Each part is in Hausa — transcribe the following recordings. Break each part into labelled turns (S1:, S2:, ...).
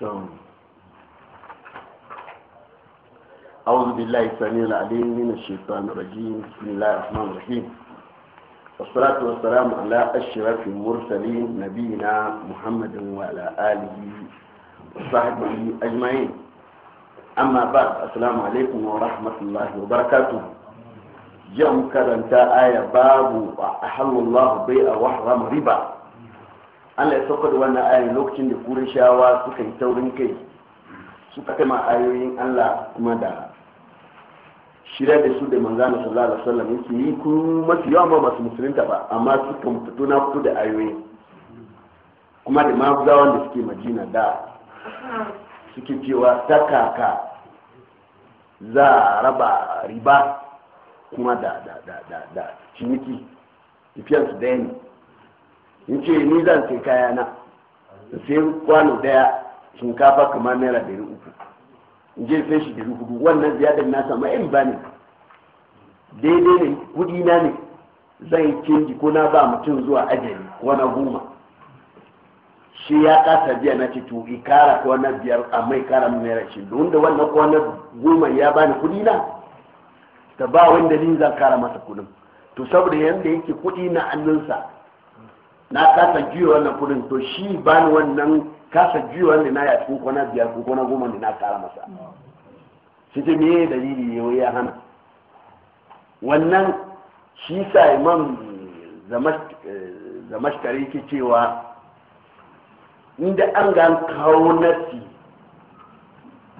S1: تمام أعوذ بالله السميع العليم من الشيطان الرجيم بسم الله الرحمن الرحيم والصلاة والسلام على أشرف المرسلين نبينا محمد وعلى آله وصحبه أجمعين أما بعد السلام عليكم ورحمة الله وبركاته يوم مكرمتا آية باب وأحل الله بيع وحرم ربا Allah ya saukar da wannan ayoyin lokacin da shawa suka yi taurin kai suka ma ayoyin Allah kuma da shirya da su da manzana sallallahu alaihi wasallam yake yi ku masu yawan ma masu musulunta ba amma suka fito na fito da ayoyi kuma da maguzawan da suke majina da suke cewa takaka za a raba riba kuma da da da da da ciniki tafiyansu da ne in ce ni zan sai kaya na sai kwano daya shinkafa kamar naira dari uku in je sai shi dari hudu wannan ziyadar na samu in ba ne daidai ne kudi na ne zan yi canji ko na ba mutum zuwa ajali ko na goma shi ya kasa biya na ce to ikara ko na biyar amma ikara mun naira shi don da wannan ko na goma ya bani kudi na ta ba wanda ni zan kara masa kudin to saboda yanda yake kudi na annunsa na kasa juya wannan kudin to shi ba ni wannan kasa juya wannan na ya cikin kwana biyar ko kwana goma ne na kara masa shi ce me dalili ne ya hana wannan shi sa imam eh, zamashkari ke cewa inda an ga kawo nasi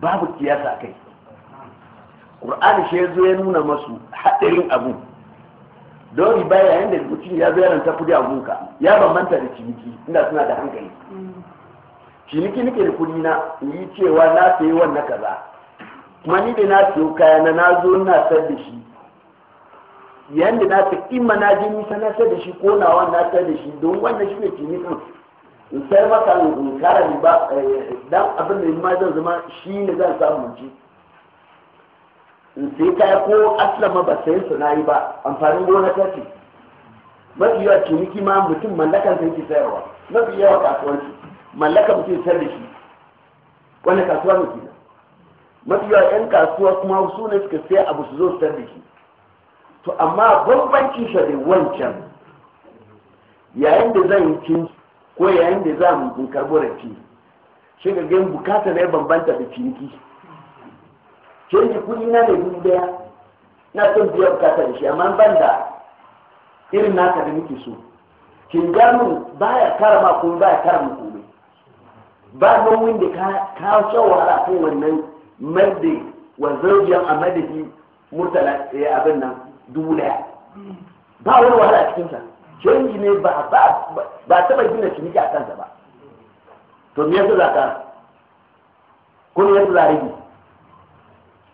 S1: babu kiyasa kai ƙur'ani shi ya zo ya nuna masu haɗarin abu don ribaya yadda da mutum ya zo yaran kudi a gunka ya bambanta da ciniki inda suna da hankali ciniki nake da kudi na yi cewa na sayi wannan kaza kuma ni da na sayo kaya na na zo na sayar da shi yadda na ta imma na je nisa na sayar da shi ko na na sayar da shi don wannan shi ne cinikin in sayar maka in kara riba eh, dan abin da ma zan zama shi ne zan samu ci in sai kaya ko aslama ba sayan su na yi ba amfanin gona ta ce mafi yawa ciniki ma mutum mallakan sai ke sayarwa mafi yawa kasuwanci mallaka mutum sayar da shi wanda kasuwa ne ke mafi yawa yan kasuwa kuma su ne suka sai abu su zo su sayar da shi to amma bambanci shi da wancan yayin da zan yi cin ko yayin da za mu da rafi shi ga gan bukata ya bambanta da ciniki canji kuɗi na ne dubu ɗaya na son biya bukata da shi amma ban da irin naka da muke so Kin kinjamin baya kara ma komai baya kara mu komai ba nauyin da ka sha wahala ko wannan mai da wanzarjiyar a madadi murtala ya eh, abin nan dubu ɗaya. ba wani wahala a cikinsa canji ne ba ba ba taba gina ciniki a kansa ba to me yasa za ka kun yasa za rage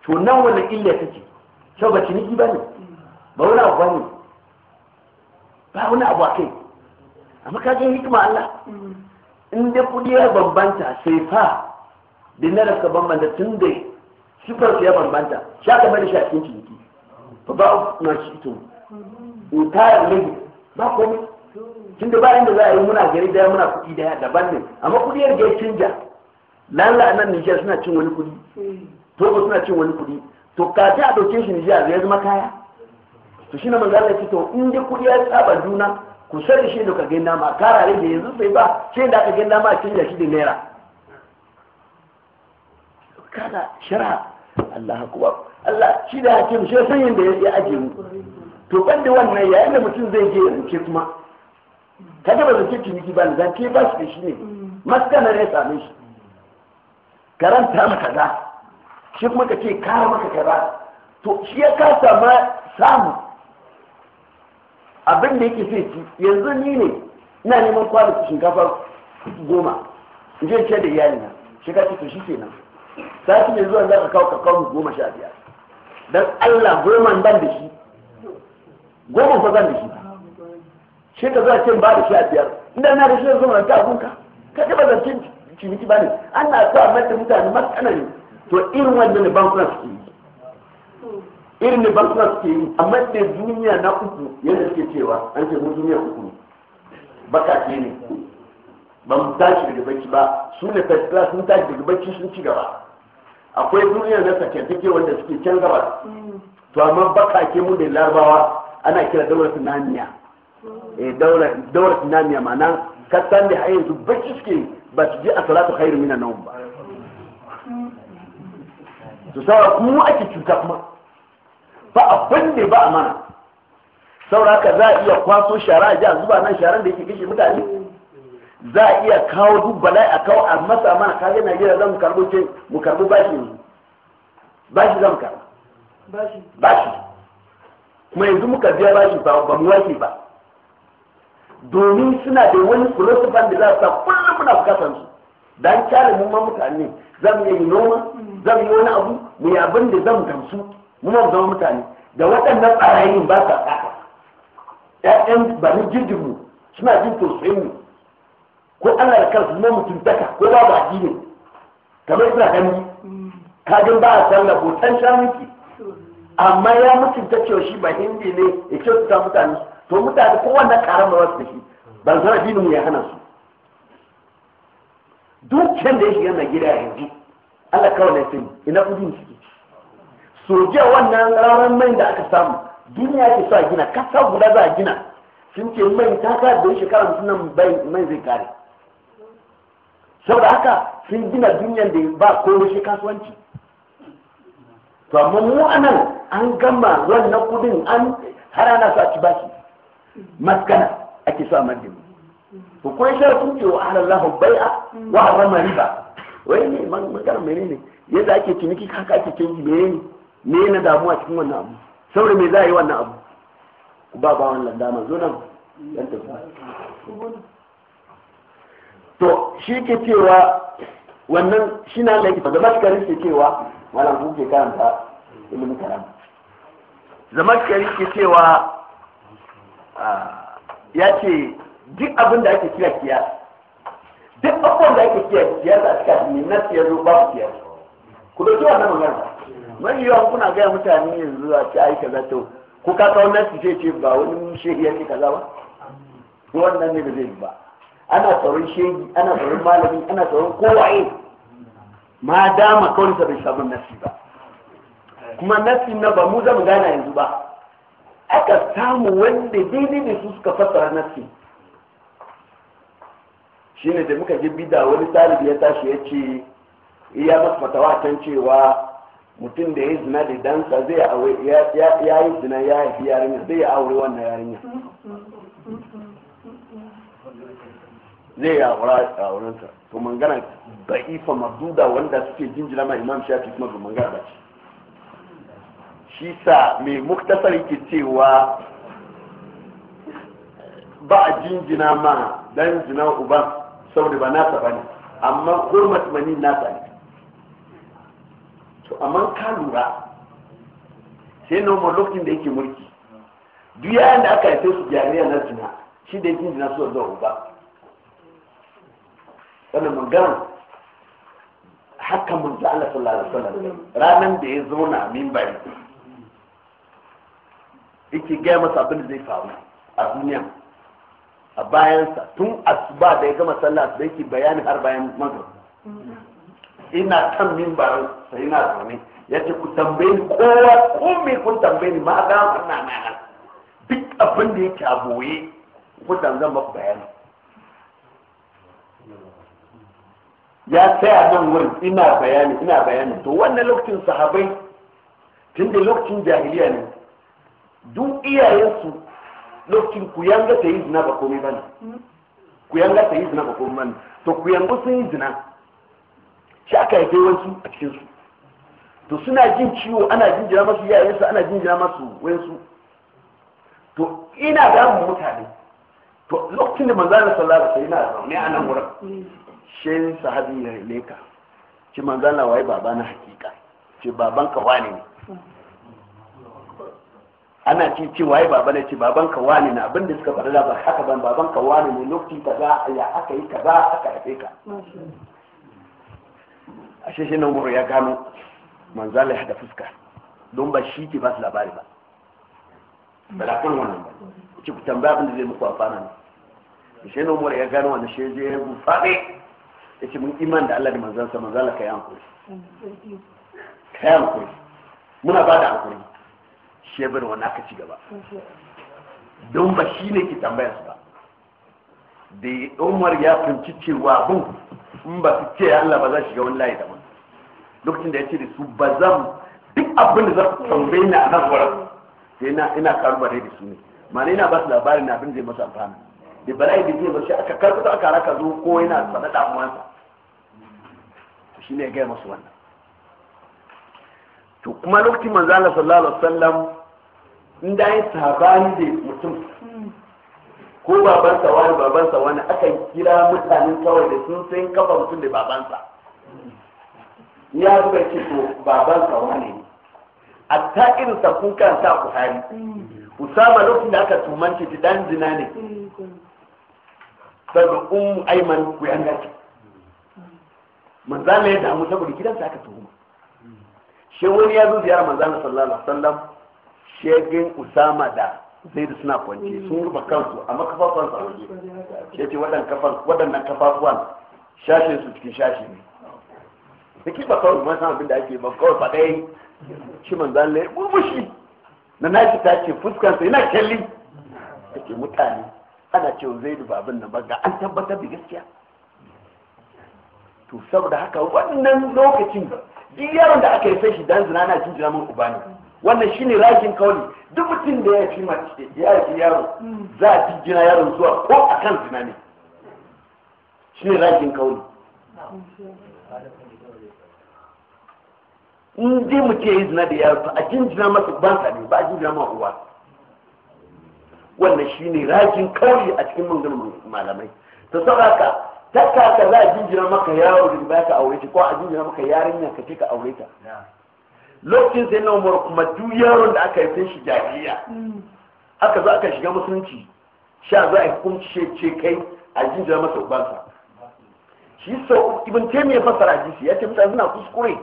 S1: to nan wannan illa take kyau ba ciniki ba ne ba wani abu ba ne ba wani abu a kai amma ka je hikima Allah in dai kudi ya bambanta sai fa na ka bambanta tun da sifar ya bambanta sha ka bari shafin ciniki ba ba na shi to in tayar ne ba komai tun da bayan da za a yi muna gari daya muna kudi daya daban ne amma kudi ya canja lalla nan Nijar suna cin wani kudi ba suna cin wani kuɗi to kaji a ɗauke shi nijiya ya zama kaya to shi na manzo Allah ce to in dai kuɗi ya saba juna ku sani shi da ka ga nama kara da yanzu sai ba sai da aka ga nama a canja shi da naira Kada shara Allah hakuwa, Allah shi da hakim shi san yanda ya aje mu to ban da wannan yayin da mutum zai je yanke kuma kada ba zance miki ba zance ba shi da shi ne maskana ne same shi karanta maka da shi kuma ka ce kara maka kaza to shi ya kasa ma samu abin da yake sai ci yanzu ni ne ina neman kwanan shinkafa goma in je ce da iyali na shi ka ce to shi nan sati mai zuwa za ka kawo kakawun goma sha biyar don Allah goma ban da shi goma fa ban da shi shi ka zuwa cin ba da sha biyar inda na da shi zama ta abunka ka taɓa zancen ciniki ba ne na sa mata mutane ne. to irin wannan ne bankuna suke yi irin ne bankuna suke yi amma da duniya na uku yadda suke cewa an ce mun duniya uku baka ce ne ba mu tashi daga bacci ba su ne first class sun tashi daga bacci sun ci gaba akwai duniya na take wanda suke can gaba to amma ce mu da larabawa ana kira daular tunaniya eh daular daular tunaniya ma'ana kasan da hayyanzu bacci suke ba su je a salatu khairu minan nawm ba to saura kuma ake cuta kuma ba abin da ba a mana saura ka za a iya kwaso shara a a zuba nan sharan da yake kashe mutane za a iya kawo duk bala'i a kawo a masa mana kage na gida zan karbo ce mu karbo bashi ne bashi zan mu karbo bashi kuma yanzu muka biya bashi ba ba mu wake ba domin suna da wani philosopher da za su sa kullum muna bukatar su dan kyale mu ma mutane za mu yi noma zan yi wani abu mu abin da zan gamsu mu zama mutane da waɗannan ɓarayin ba sa tsaka ƴaƴan jirgin mu suna jin tausayin mu ko ana da kansu mu daka ko ba ba ne kamar suna gani kajin ba a sallah hoton miki amma ya mutunta cewa shi ba hindi ne ya kyautata mutane to mutane kowanne ba wasu da shi ban zara mu ya hana su duk can da ya shiga na gida yanzu Allah kawai ne sai ina kudin ciki sojiya wannan ranar mai da aka samu duniya ke so a gina kasa guda za a gina sun ce mai ta ka da shekara mutum nan mai zai kare saboda haka sun gina duniyan da ba ko shi kasuwanci to amma mu anan an gama wannan kudin an har ana so a ci baki maskana ake so a madina to ko ya shara sun ce wa ahlallahu bai'a wa harrama wai ne magana mene ne yadda ake ciniki kaka ake canji mene ne ne na damuwa cikin wannan abu saboda me za a yi wannan abu ku ba ba wannan dama zo nan dan tafi to shi ke cewa wannan shi na laifi ba zama shikari ke cewa malam ku ke karanta ilimin karam zama shikari ke cewa ah, ya ce duk abin da ake kira kiyasi duk abubuwan da ake kiyaye siyasa a cikin addini na siyar zo babu siyar ku dauki wannan magana mai yawan kuna gaya mutane yanzu a ce ai kaza to ko ka kawo nasi ce ce ba wani shehi yake kaza ba wannan ne da zai ba ana tsaron shehi ana tsaron malami ana tsaron kowaye ma dama kawai bai samu nasi ba kuma nasi na ba mu zamu gana yanzu ba aka samu wanda daidai da su suka fassara nasi shine da muka ji bida wani talibi ya tashi ya ce iya eh, masu fatawa cewa mutum da ya zina da dansa zai ya yi zina ya haifi yarinya zai ya aure wannan yarinya zai ya aura a wurinsa to mangana da'ifa maduda wanda suke jinjina ma imam shafi kuma ga mangana ba ce shi sa mai muktasar ke cewa ba a jinjina ma dan zina uban saboda ba nasa ba ne amma hurmat mani nasa ne to amma ka lura sai na umar lokacin da yake mulki duk yayin da aka haife su jariya na jina shi da yake jina su zuwa uba wanda magana haka mun da Allah sallallahu alaihi wasallam ranan da ya zo na minbari yake gaya masa abin da zai faru a duniya a bayansa tun asuba da ya gama sallah da yake bayani har bayan magrib ina kan mimbarin sai na zaune ya ce ku tambayi kowa ko me kun tambayi ma ga wannan nan duk abin da yake a boye ku tambaye maku bayani ya tsaya nan wurin ina bayani ina bayani to wannan lokacin sahabai tun da lokacin jahiliya ne duk iyayensu lokacin ku yanga ta yi zina ba komai ba ne ku yanga ta yi zina ba komai ba ne to ku yanga sun yi zina shi aka haife wasu a cikin su to suna jin ciwo ana jinjina masu yayansu ana jinjina masu wayansu to ina damun mutane to lokacin da manzana sallallahu alaihi wasallam zaune a nan wurin shin sahabi ne ka ci manzana waye baba na hakika ce baban ka wane ne ana ci ce waye baba ne ce baban ka wani na abin da suka faru da ba haka ban baban ka wani ne lokaci kaza ya aka yi kaza aka haife ka ashe shi nan ya gano manzala ya da fuska don ba shi ke ba su labari ba ba da kan wannan ba ce ku tambaya abin da zai muku amfana ne shi nan ya gano wani shi je mu gufaɗe ya ce mun iman da Allah da manzansa manzala ka yi hankuri ka yi hankuri muna ba da hankuri shebar wani aka ci gaba don ba shi ne ke tambayar su ba da umar ya fahimci cewa abin in ba su ce allah ba za shiga wani layi daban lokacin da ya ce da su ba zan duk abin da za su tambayi na nan wurin sai ina ba da su ne ma'ana ina ba su labarin abin zai masa amfani da bala'i da zai ba shi aka karkuta aka raka zo ko yana faɗa damuwansa shi ne ya gaya masu wannan to kuma lokacin manzana sallallahu alaihi wasallam in da yi sabani da mutum ko babansa wani babansa wani akan kira mutanen kawai da sun san kafa mutum da babansa ya zuba ce to babansa wani ne a ta irin sakun kan sa buhari usama lokacin da aka tumanci ta dan zina ne saboda um aiman ku yan gaci manzana ya damu saboda gidansa aka tuhuma shi wani ya zo ziyara manzana sallallahu alaihi wasallam shegin usama da zai da suna kwance mm. sun ruba kansu amma kafafuwan sa waje ya ce waɗannan kafafuwan shashin su cikin shashi ne da ba kawai kuma san abin da ake ba kawai faɗa yi shi manzan lai burbushi na nashi ta ce fuskansa yana kyalli ta ce mutane ana cewa zai da babin nan ba ga an tabbatar da gaskiya to saboda haka wannan lokacin duk yaron da aka yi sai shi dan zina na jinjina mun uba ne wannan shine rajin kauli duk mutum da ya fi mace ya fi yaro za a fi jina yaron zuwa ko a kan zina ne shine rajin kauli in dai mutum ya yi zina da yaro a jinjina masa ban sa ba a jinjina ma uwa wannan shine rajin kauli a cikin manganin malamai ta saboda ta kaka za a jinjina maka yaro da ba ka aure shi ko a jinjina maka yarinya ka ce ka aure ta lokacin sai na umar kuma duk yaron da aka yi shi jahiliya haka mm. za kan shiga musulunci sha za a hukunci shi ce kai a jinjira masa ubansa shi so ibn taimiyya fasara hadisi ya ce mutane suna kuskure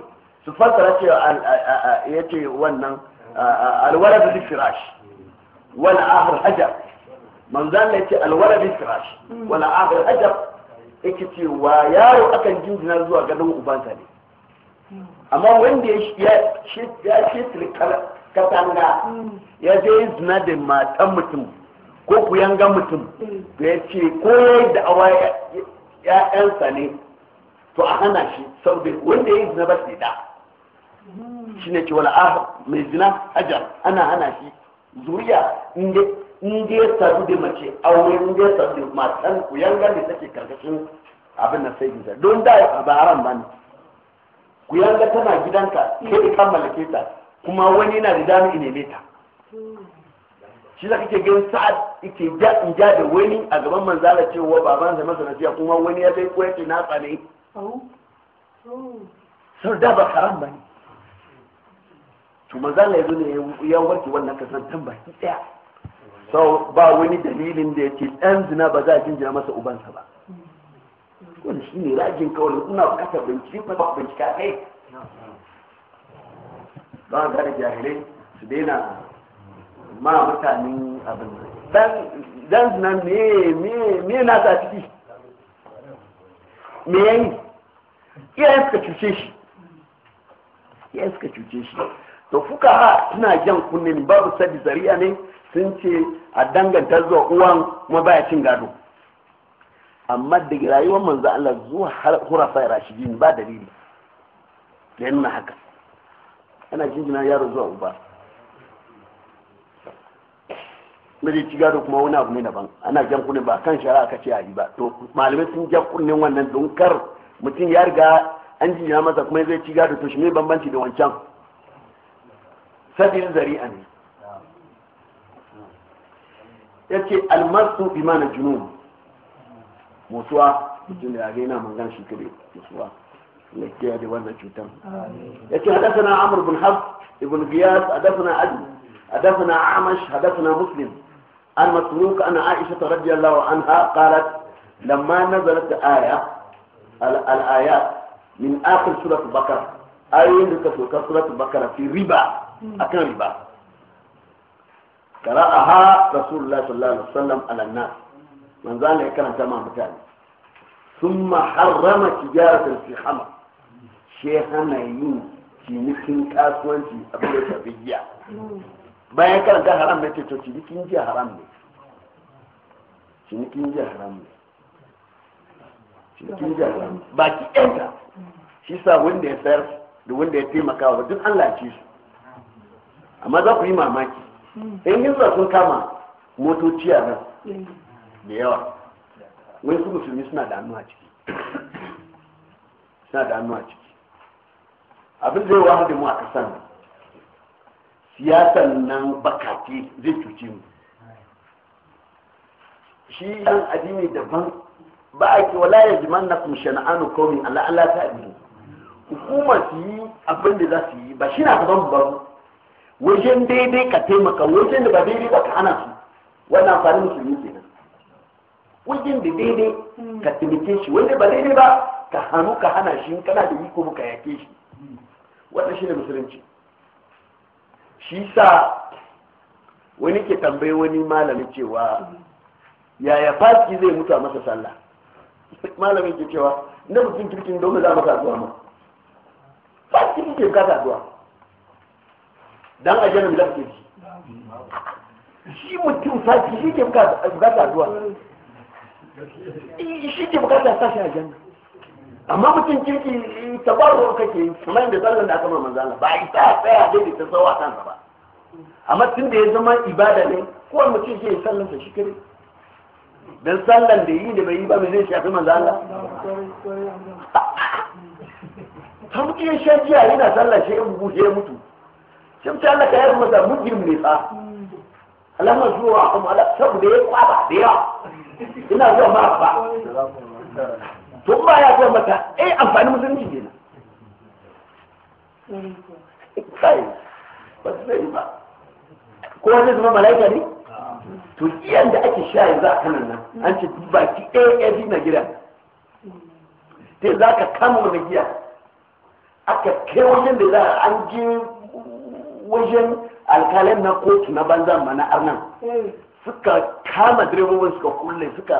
S1: su fasara ce ya ce wannan alwala da firash wala ahar hajar manzan ya ce alwala da firash wala ahar hajar yake cewa yaro akan jinjina zuwa gadon ubansa ne mm. amma wanda ya shetri katanga mm. ya je zina da matan mutum ko ku yanga mutum da mm. ya ce ko ya yi da'awa ya'yansa ne to a hana shi saboda wanda ya yi zina ba shi da mm. shi ne ce a ah, mai zina hajar ana hana shi zuriya inda ya sadu da mace aure inda ya sadu da matan ku yanga ne take karkashin abin na sai don da ba haram ba ne ku yanga tana gidanka sai ka mallake ta kuma wani yana da dami neme ta shi za ke gan sa'ad yake ja in ja da wani a gaban manzala cewa baban sa masa nasiya kuma wani ya kai ko yake na tsane oh. Sau da ba karam ba ne to manzala ya zo ne ya warke wannan kasantan baki daya sau ba wani dalilin da yake ɗan zina ba za a jinjina masa ubansa ba wani shi ne rajin kawai ina bukatar bincike kuma ba bincika kai ba ga da jahilai su daina ma mutanen abin dan zina me me na ta ciki me yayi iyayen suka cuce shi iyayen suka cuce shi to fuka ha suna jan kunne babu sabi zariya ne sun ce a danganta zuwa uwan kuma baya cin gado amma da rayuwar manzo Allah zuwa hurafa rashidin ba dalili da yana haka ana jinjina yaro zuwa uba mai ci gado kuma wani abu ne daban ana jan kunne ba kan shara aka ce a yi ba to malamai sun jan kunne wannan don kar mutum ya riga an jinjina masa kuma zai ci gado to shi mai bambanci da wancan zari zari'a ne yace almasu bi mana junub mutuwa mutum da yage yana mangan shi kare mutuwa ya kiyaye da wannan cutar ya ce hadasana amur bin hab ibn giyas hadasana adi hadasana amash hadasana muslim an masruq ana aisha ta radiyallahu anha qalat lamma nazalat aya al ayat min akhir surat bakara ayoyin da ka soka surat bakara fi riba hmm. akan riba qara'aha rasulullah sallallahu alaihi wasallam ala nas manzo Allah ya karanta ma mutane summa harrama tijaratan fi hamar shi hana yin cinikin kasuwanci abin da shafi bayan karanta haram ne to cinikin giya haram ne cinikin giya haram ne cinikin giya haram ne baki ɗanta shi sa wanda ya sayar da wanda ya taimaka wa duk Allah ya ci amma za ku yi mamaki in hinsa sun kama motoci a da yawa wai su musulmi suna da hannu a ciki suna da hannu a ciki abin zai wa da mu a kasan nan siyasan nan bakake zai cuci mu shi yan adini daban ba a ke wala ya jiman na kuma anu komi ala ala ta adini hukuma su yi abin da za su yi ba shi na zan ba wajen daidai ka taimaka wajen da ba daidai ba ka hana su wannan fari musulmi ke wajen da daidai hmm. ka taimake shi wanda ba daidai ba ka hannu ka hana shi kana da iko ka yake shi hmm. wannan shi ne musulunci shi sa wani ke tambayi wani malami cewa yaya faski zai mutu a masa sallah malamin ke cewa na mutum kirkin domin za masa addu'a ma ne ke bukata addu'a dan ajiyar da ke hmm. shi mutum faski shi ke bukata addu'a Eh, shi ke bukatar ta shi a janna amma mutum kirki eh, tabarro kake kamar yadda sallan da aka ma manzala ba a ita tsaya dai ta tsawa kansa ba amma tun da ya zama ibada ne kowane mutum sai ya sallansa shi kare dan sallan da yi da bai yi ba mai zai shafi manzo Allah ta mutum ya sha jiya yana sallah shi ya bugu shi ya mutu shi mutu Allah ka yarda masa mujrim ne fa alamar zuwa kuma ala saboda ya kwaba da yawa ina zuwa ma ba tun ba ya zuwa mata eh amfani musulunci ne na kai ba su zai ba ko wani zama mala'ika ne to iyan da ake sha za a kanan nan an ce duba ki AAD na gida te za ka kama wani giya aka kai wajen da za an je wajen alkalin na kotu na banzan ma na arnan hmm. suka kama direbobin suka kulle suka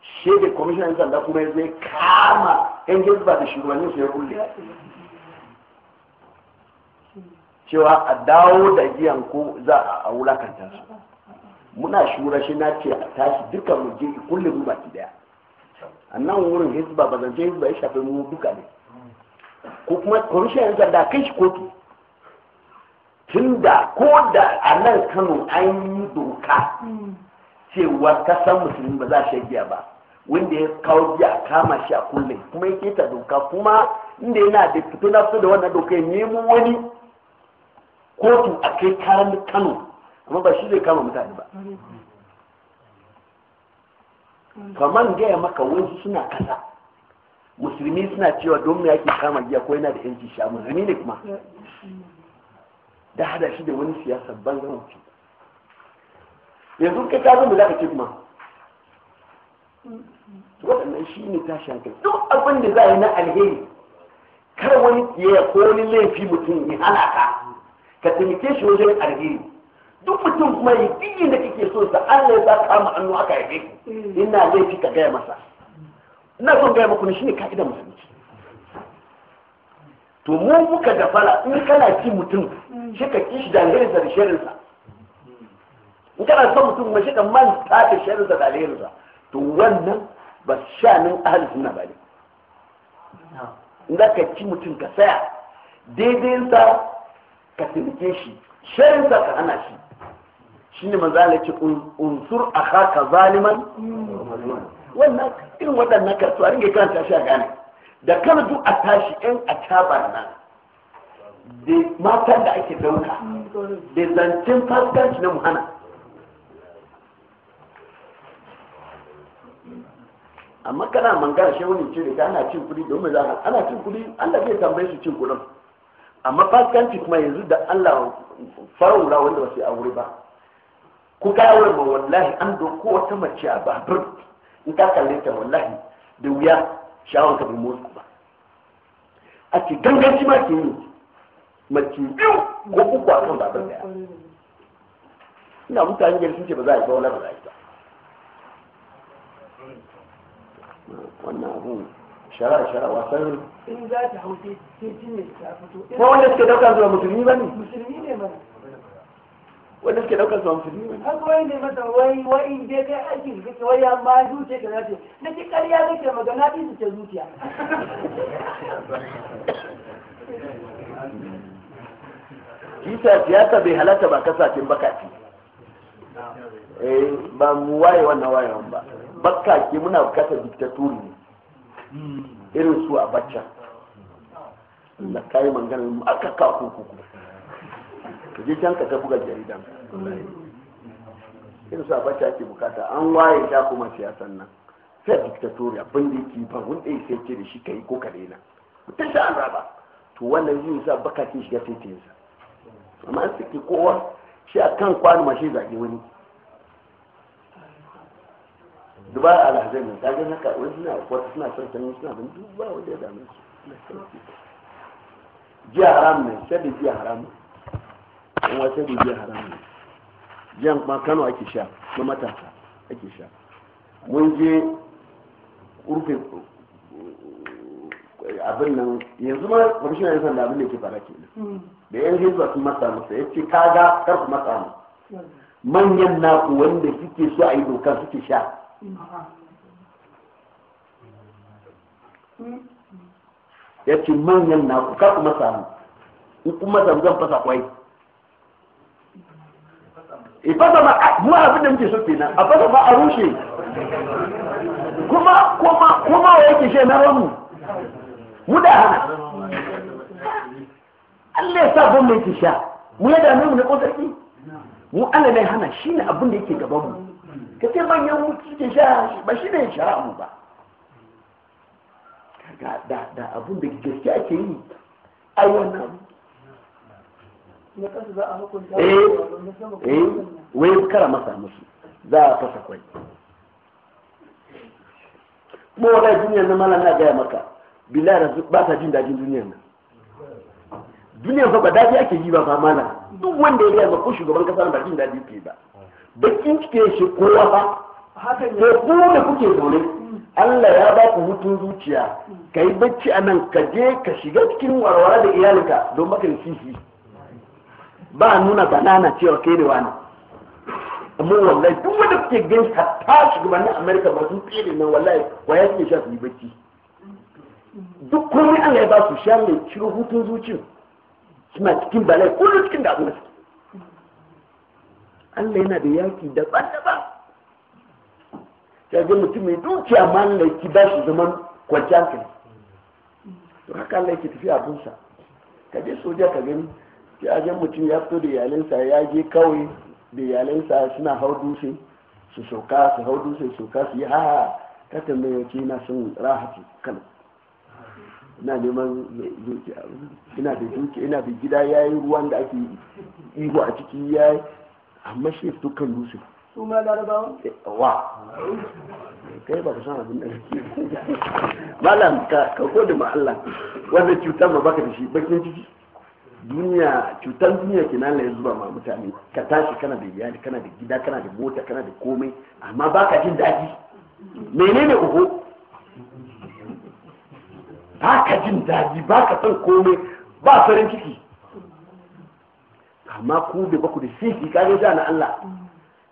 S1: shege kwamishinan sanda kuma ya zai kama yan gizba da shugabannin su ya kulle cewa a dawo da giyan ko za a wulakanta su muna shura shi na ce a tashi duka mu je kulle mu baki daya a nan wurin hizba ba zance hizba ya shafe mu duka ne ko kuma kwamishinan sanda kai shi kotu tunda ko da a nan kano an yi doka hmm. cewa kasan musulmi ba za a giya ba wanda ya kawo giya kama shi a kullum kuma ya keta doka kuma inda yana da fito na fito da wannan doka ya nemo wani kotu a kai karan kano amma ba shi zai kama mutane ba kamar gaya maka wasu suna kasa musulmi suna cewa don mai yake kama giya ko yana da yanci sha musulmi ne kuma hmm. da hada shi da wani siyasa banza su yanzu kai ta zama za ka ce kuma waɗannan shi ne tashi hankali duk abin da za a yi na alheri kar wani ya ko wani laifi mutum ya halaka ka taimake shi wajen alheri duk mutum kuma yi da kake so sa Allah ya sa kama hannu aka yi mm. ina laifi ka gaya masa ina son gaya muku ne shine ka'idar musulunci to mu muka gafara in kana ci mutum shi ka kishi da alherinsa da shirinsa in kana son mutum ma shi ka manta da shirinsa da alherinsa to wannan ba shanin ahli sunna ba ne in za ka ci mutum ka saya daidaiinsa ka taimake shi shirinsa ka hana shi shi ne maza ne ce unsur a haka zaliman wannan irin waɗannan karatu a ringa karanta shi a gane da kan duk a tashi yan a tabar nan da matan da ake dauka da zancen fasikanci na muhana amma kana mangara shi wani ce da ana cin kuɗi don mai zaka ana cin kuɗi Allah zai tambaye su cin kuɗin amma fasikanci kuma yanzu da Allah farawula wanda ba su yi aure ba ku ka aure ma wallahi an doko wata mace a babur in ka kalle ta wallahi da wuya sha'awar kafin motsa ba a ce ganganci ma ke yi mace biyu ko uku a kan babar daya ina mutane gari sun ce ba za a yi ba wani ba za a yi ba wannan abun shara shara wasan in za ta hau sai jini ta fito ko wanda suke dauka zuwa musulmi ba ne musulmi ne ba wanda suke daukar su amfani ne har wai ne masa wai wai je kai aiki kake wai amma zuciya ka zace na ki ƙarya nake magana din ta zuciya Kisa siyasa bai halatta ba kasashen baka Eh ba mu waye wannan wayewan ba. Bakaki muna bukatar diktaturi ne. Irin su a bacca. Allah kai manganin aka kawo kuku. ka je can ka buga jaridan irin sa bacci ake bukata an waye ta kuma siyasan nan sai diktatori ban da yake ba wanda ya sai ce da shi kai ko kare na mutum sha an raba to wannan zai sa baka bakakin shiga taitin sa amma an saki kowa shi a kan kwano mashi zage wani duba alhazai ne ta gani haka wani suna wata suna son sanin suna bin duba wanda ya dame su jiya haram ne sai da jiya haram ne an wace da jiya haram ne jiyan kuma kano ake sha na matasa ake sha mun je rufe abin nan yanzu ma kwamishin yan sanda abin da ke fara ke hmm. da yan hizba sun matsa masa ya ce kaga kar ku matsa mu manyan naku wanda suke so a yi doka suke sha hmm. ya ce manyan naku kar ku matsa mu in kun matsa mu zan fasa kwai ifasa ba ah, mu abin da muke so kenan a fasa ba a rushe kuma kuma kuma wa yake she na ramu mu da hana Allah ya sa ban mai kisha mu ya dame mu na ko sarki mu Allah ne hana shine abin da yake gaban mu ka ce manyan suke sha ba shi ne shara'a mu ba da da abin da gaskiya ke yi ai wannan eh, eh wai kara masa musu za a fasa kwai kuma wallahi duniyar na malam na gaya maka billahi da ba sa jin dajin duniyar nan duniyar fa ba daji ake yi ba ba mana duk wanda ya gaya maka ko shugaban kasa ba jin daji ke ba bakin cike shi kowa ba ko ku da kuke zaune Allah ya ba ku hutun zuciya ka yi bacci a nan ka je ka shiga cikin warware da iyalinka don maka sisi ba a nuna banana cewa kai ne wani amma wallahi duk wanda kuke gani hatta shugabannin amerika ba sun tsere nan wallahi wa ya suke sha su yi bacci duk komai an ya ba su sha mai ciro hutun zuciya suna cikin balai kullum cikin damuwa suke Allah yana da yaki daban-daban kaga mutum mai dukiya ma Allah yake ba shi zaman kwanciyar kai to haka Allah yake tafiya abunsa kaje soja ka gani ya je mutum ya fito da iyalinsa ya je kawai da iyalinsa suna hau dutse su sauka su hau dutse sauka su yi ha ka tambaye ce na son rahatu kan ina neman ina da duki ina da gida ya yi ruwan da ake ihu a ciki ya yi amma shi fito kan dutse su ma larabawa eh, wa kai ba ka san abin da kake malam ka ka gode da Allah wanda cutar ma baka da shi bakin ciki duniya cutar duniya ke nan ya zuba ma mutane ka tashi kana da iyali kana da gida kana da mota kana da komai amma ba ka jin daɗi menene uku ka jin daɗi ka son komai ba farin ciki amma ku da baku da sisi kage da na Allah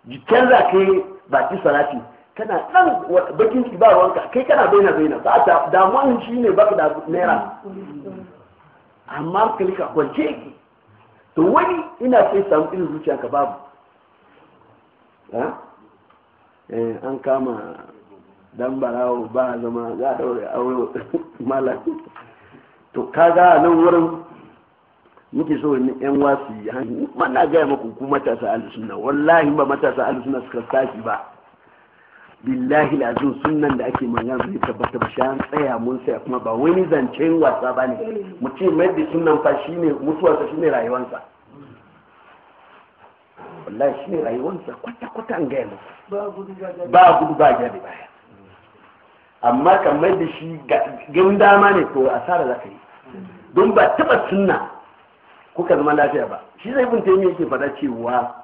S1: jikin za ka yi ki salati kana dan bakin ki ba ruwanka kai kana baina baina ba ta damuwan shine baka da naira amma kalika kwance yake to wani ina sai samu irin zuciya ka babu eh, an kama dan barawo ba zama za a daure aure mala to kaga nan wurin muke so ne yan wasu yi hannu mana gaya maku ku matasa alisunna wallahi ba matasa alisunna suka tashi ba billahi lazim sunan da ake magana bai tabbata ba shan tsaya mun tsaya kuma ba wani zancen wasa ba ne mu ce mai da sunan fa shine mutuwarsa shine rayuwarsa wallahi shine rayuwarsa kwata kwata an gaya masa ba gudu ba gari baya amma mai da shi gan dama ne to asara za ka yi don ba taba sunna kuka zama lafiya ba shi zai bin taimi yake fada cewa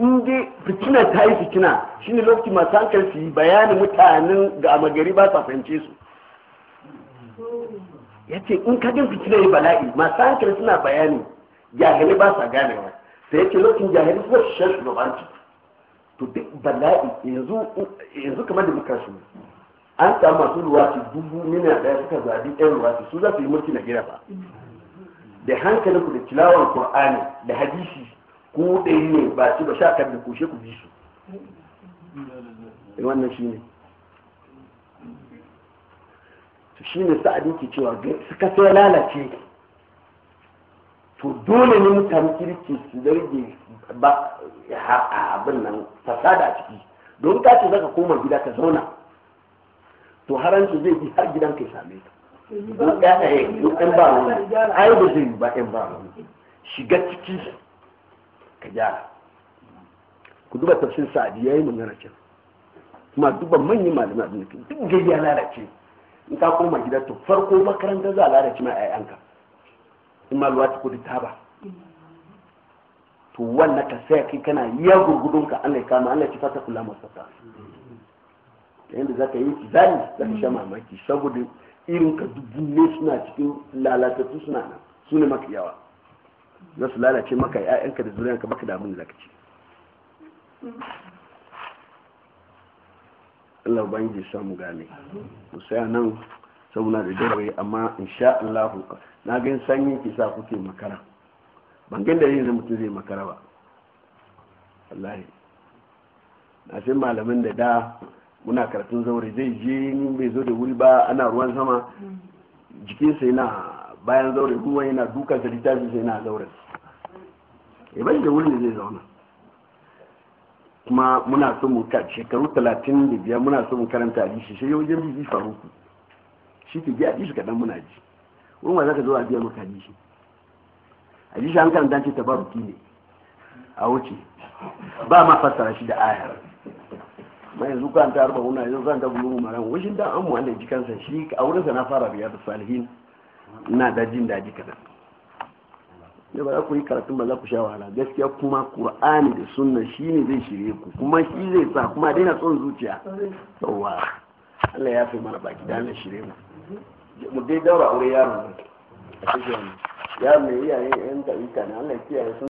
S1: in dai fitina ta yi fitina shi ne lokaci masu hankali su yi bayani mutanen ga magari ba sa fahimce su ya ce in kajin fitina yi bala'i masu hankali suna bayani jahili ba sa ganewa sai ya ce lokacin jahili suna shan shugabanci to duk bala'i yanzu kamar da muka shi an samu masu ruwaci dubu miliyan daya suka zabi 'yan ruwa su za su yi mulki na gida ba da hankalinku da tilawar qur'ani da hadisi ku ɗaya ne ba ci ba sha kan da kushe ku bi su eh, wannan shi ne to shi ne sa'adin ke cewa suka sai lalace to dole ne mutane kirki su zarge ba a abin nan fasada a ciki don ka ce zaka koma gida ka zauna to haranci zai bi har gidan ka same ka ko ɗaya ɗaya ko ɗan ba wani ai ba zai yi ba ɗan ba wani shiga ciki ka gyara ku duba tafsir sa'adi yayi magana ce kuma duba manyan malamai a duniya duk gari ya lalace in ka koma gida to farko makaranta za a lalace ma 'ya'yanka in ma luwa ta kudi taba to wannan ka sai kai kana iya gurgudun ka Allah ya kama Allah ya ci fata kula masa ta yanda za yi kizani za ka sha mamaki saboda irin ka dubu ne suna cikin lalatattu suna nan su ne maka yawa za su lalace maka ya'yanka da zuriyanka baka da abin da zaka ci Allah ubangiji mu gane mu saya nan sauna da dare amma insha Allah na gan sanyi ki sa kuke makara ban gan da yin mutum zai makara ba wallahi na sai malamin da da muna karatun zaure zai je in bai zo da wuri ba ana ruwan sama jikinsa yana bayan zaure ruwan yana dukan sa littafi sai na zaure ya bai da wurin da zai zauna kuma muna so mu ka shekaru talatin da biyar muna so mu karanta hadisi sai yau jin bibi faruku shi ke ji hadisi kaɗan muna ji wurin ma zaka zo a biya maka hadisi hadisi an karanta ce tabaruki ne a wuce ba ma fassara shi da aya ma yanzu kan ta arba wuna yanzu kan ta bulu maran wajin da an mu wanda ji kansa shi a wurinsa na fara biya da salihin na da jin daji kada da ba za ku yi karatun ba za ku sha wahala gaskiya kuma qur'ani da sunna shine zai shirye ku kuma shi zai sa kuma daina son zuciya yawa Allah ya fi mana baki da shirye mu mu dai daura aure yaro ne yaro ne iyaye yan da ita ne Allah ya kiyaye